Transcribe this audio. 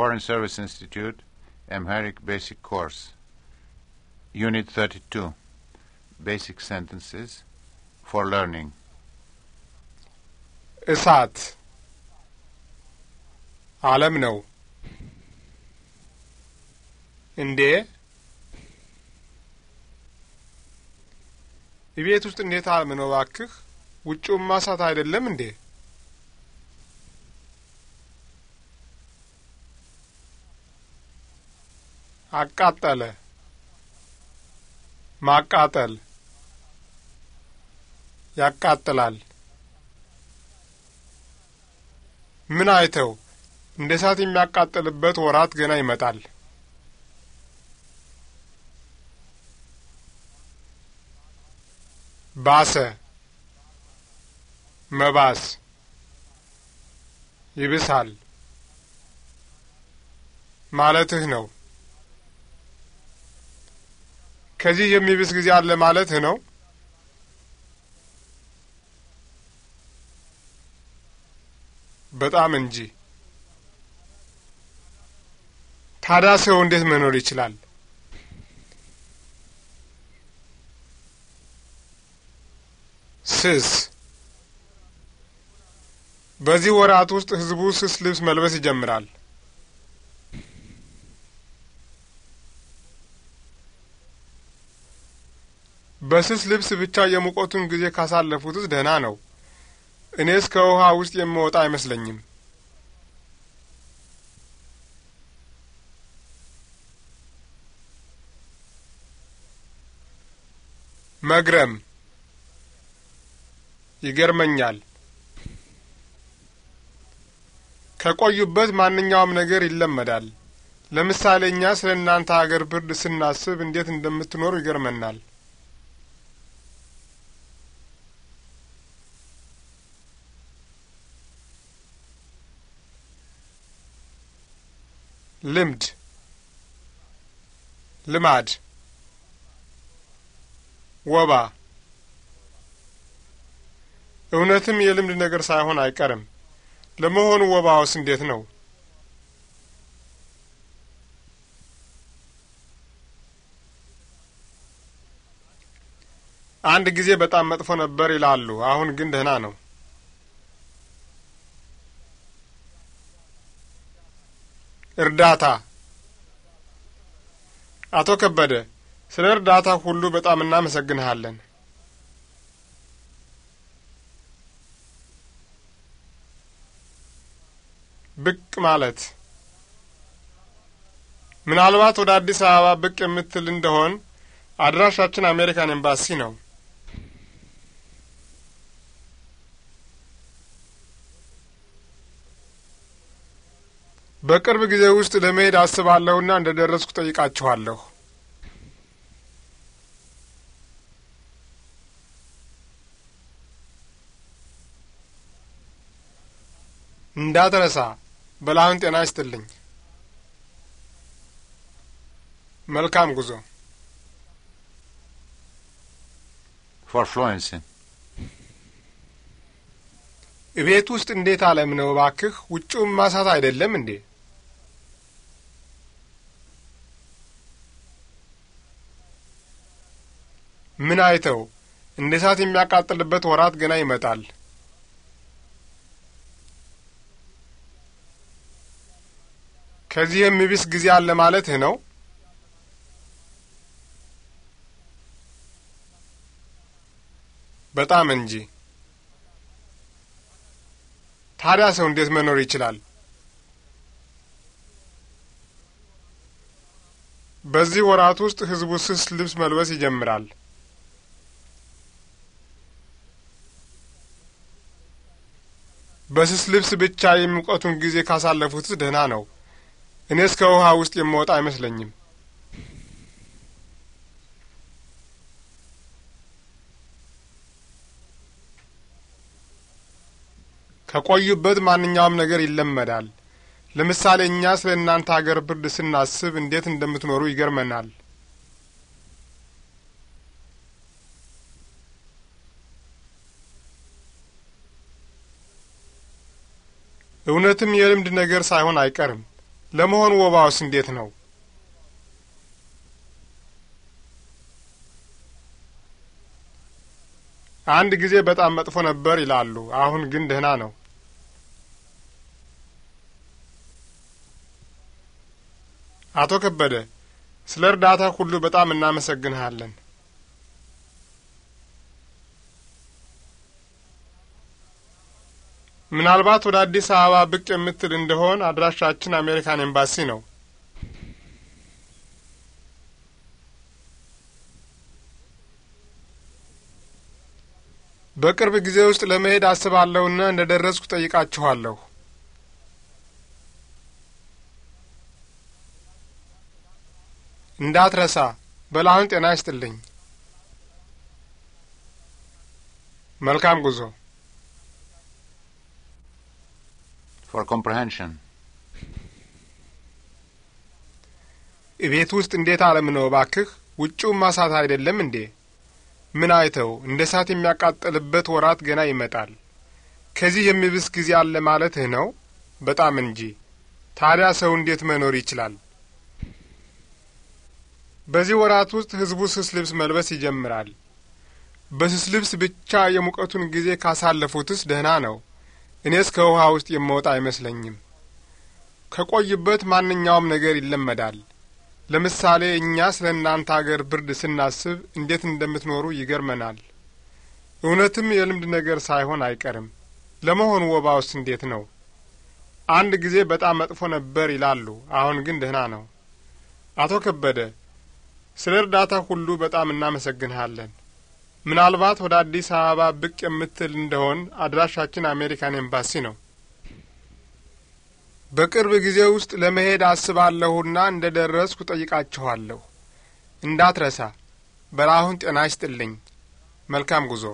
Foreign Service Institute, Amharic Basic Course, Unit 32, Basic Sentences for Learning. Esat Alamno Inde Ibietus Neta Almeno Lakh, which you must have had a lemon day. አቃጠለ፣ ማቃጠል፣ ያቃጥላል። ምን አይተው እንደ እሳት የሚያቃጥልበት ወራት ገና ይመጣል። ባሰ፣ መባስ፣ ይብሳል ማለትህ ነው። ከዚህ የሚብስ ጊዜ አለ ማለት ነው? በጣም እንጂ። ታዲያ ሰው እንዴት መኖር ይችላል? ስስ በዚህ ወራት ውስጥ ህዝቡ ስስ ልብስ መልበስ ይጀምራል። በስስ ልብስ ብቻ የሙቀቱን ጊዜ ካሳለፉትስ ደህና ነው። እኔስ ከውሃ ውስጥ የምወጣ አይመስለኝም። መግረም ይገርመኛል። ከቆዩበት ማንኛውም ነገር ይለመዳል። ለምሳሌ እኛ ስለ እናንተ አገር ብርድ ስናስብ እንዴት እንደምትኖሩ ይገርመናል። ልምድ ልማድ ወባ እውነትም የልምድ ነገር ሳይሆን አይቀርም። ለመሆኑ ወባውስ እንዴት ነው? አንድ ጊዜ በጣም መጥፎ ነበር ይላሉ። አሁን ግን ደህና ነው። እርዳታ። አቶ ከበደ ስለ እርዳታ ሁሉ በጣም እናመሰግንሃለን። ብቅ ማለት ምናልባት ወደ አዲስ አበባ ብቅ የምትል እንደሆን አድራሻችን አሜሪካን ኤምባሲ ነው። በቅርብ ጊዜ ውስጥ ለመሄድ አስባለሁና እንደ ደረስኩ ጠይቃችኋለሁ። እንዳትረሳ። በላሁን ጤና ይስጥልኝ። መልካም ጉዞ። ፎር ፍሎረንስ እቤት ውስጥ እንዴት አለም ነው እባክህ? ውጭውን ማሳት አይደለም እንዴ? ምን አይተው? እንደ እሳት የሚያቃጥልበት ወራት ገና ይመጣል። ከዚህ የሚብስ ጊዜ አለ ማለትህ ነው? በጣም እንጂ። ታዲያ ሰው እንዴት መኖር ይችላል? በዚህ ወራት ውስጥ ህዝቡ ስስ ልብስ መልበስ ይጀምራል። በስስ ልብስ ብቻ የሙቀቱን ጊዜ ካሳለፉት ደህና ነው። እኔስ ከውሃ ውስጥ የምወጣ አይመስለኝም። ከቆዩበት ማንኛውም ነገር ይለመዳል። ለምሳሌ እኛ ስለ እናንተ አገር ብርድ ስናስብ እንዴት እንደምትኖሩ ይገርመናል። እውነትም የልምድ ነገር ሳይሆን አይቀርም። ለመሆኑ ወባውስ እንዴት ነው? አንድ ጊዜ በጣም መጥፎ ነበር ይላሉ፣ አሁን ግን ደህና ነው። አቶ ከበደ፣ ስለ እርዳታ ሁሉ በጣም እናመሰግንሃለን። ምናልባት ወደ አዲስ አበባ ብቅ የምትል እንደሆን አድራሻችን አሜሪካን ኤምባሲ ነው። በቅርብ ጊዜ ውስጥ ለመሄድ አስባለሁና እንደ ደረስኩ ጠይቃችኋለሁ። እንዳትረሳ። በላሁን ጤና ይስጥልኝ። መልካም ጉዞ። for comprehension. ቤት ውስጥ እንዴት አለም ነው እባክህ? ውጭውም እሳት አይደለም እንዴ? ምን አይተው እንደ እሳት የሚያቃጥልበት ወራት ገና ይመጣል። ከዚህ የሚብስ ጊዜ አለ ማለትህ ነው? በጣም እንጂ። ታዲያ ሰው እንዴት መኖር ይችላል? በዚህ ወራት ውስጥ ሕዝቡ ስስ ልብስ መልበስ ይጀምራል። በስስ ልብስ ብቻ የሙቀቱን ጊዜ ካሳለፉትስ ደህና ነው። እኔስ ከውሃ ውስጥ የምወጣ አይመስለኝም። ከቆይበት ማንኛውም ነገር ይለመዳል። ለምሳሌ እኛ ስለ እናንተ አገር ብርድ ስናስብ እንዴት እንደምትኖሩ ይገርመናል። እውነትም የልምድ ነገር ሳይሆን አይቀርም። ለመሆኑ ወባውስ እንዴት ነው? አንድ ጊዜ በጣም መጥፎ ነበር ይላሉ፣ አሁን ግን ደህና ነው። አቶ ከበደ ስለ እርዳታ ሁሉ በጣም እናመሰግንሃለን። ምናልባት ወደ አዲስ አበባ ብቅ የምትል እንደሆን አድራሻችን አሜሪካን ኤምባሲ ነው። በቅርብ ጊዜ ውስጥ ለመሄድ አስባለሁና እንደ ደረስኩ ጠይቃችኋለሁ። እንዳትረሳ። በራሁን ጤና ይስጥልኝ። መልካም ጉዞ